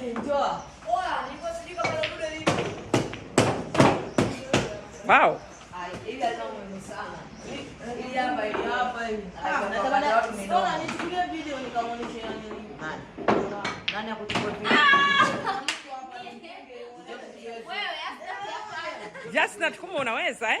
Njoo. Wow. Just na tukumu unaweza eh?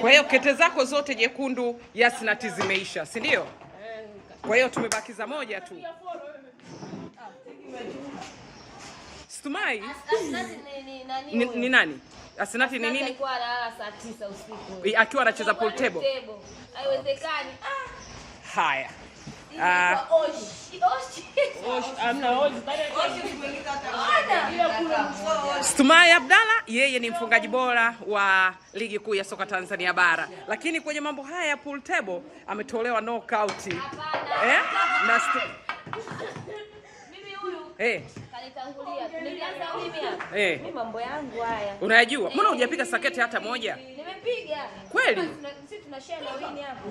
Kwa hiyo kete zako zote nyekundu yasinati zimeisha, si ndio? Kwa hiyo tumebakiza moja tu. Stumai ni, ni nani? Asinati ni nini? Akiwa anacheza pool table. Haiwezekani. Ah! Haya. Stumai Abdalla yeye ni mfungaji bora wa ligi kuu ya soka Tanzania bara, lakini kwenye mambo haya ya pool table ametolewa knockout eh? na stu... Hey. Hey. Unayajua? Mbona hujapiga saketi hata moja? Nimepiga. Kweli? Sisi tunashare na wini hapo.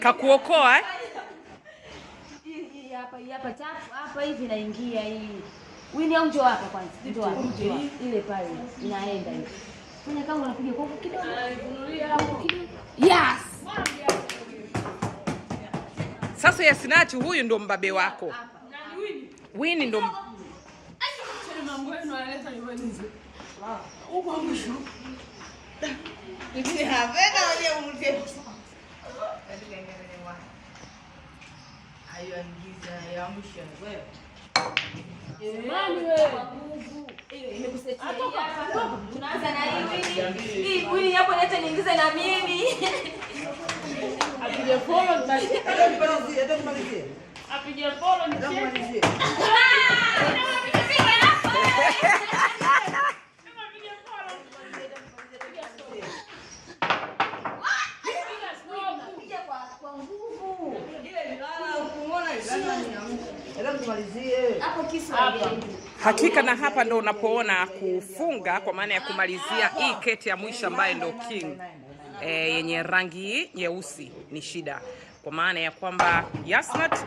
Kakuokoa eh? Hapa hivi naingia hii. Wini au njoo hapa kwanza. Njoo hapa. Ile pale inaenda hiyo. Fanya kama unapiga kidogo. Yes. Sasa huyu ndo mbabe wako. Wini ndo mbabe wako Ini HP kalau dia umur dia. Tadi kayak ni na hii niingize na mimi. Apige follow Apige follow Hakika na hapa ndo unapoona kufunga kwa maana ya kumalizia hii keti ya mwisho ambayo ndo king e, yenye rangi nyeusi ni shida, kwa maana ya kwamba Yasnat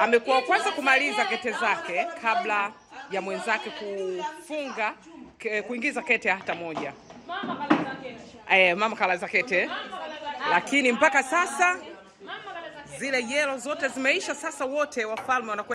amekuwa kwanza kumaliza kete zake kabla ya mwenzake kufunga kuingiza kete hata moja. E, mama kalaza kete, lakini mpaka sasa zile yelo zote zimeisha. Sasa wote wafalme wanakuwa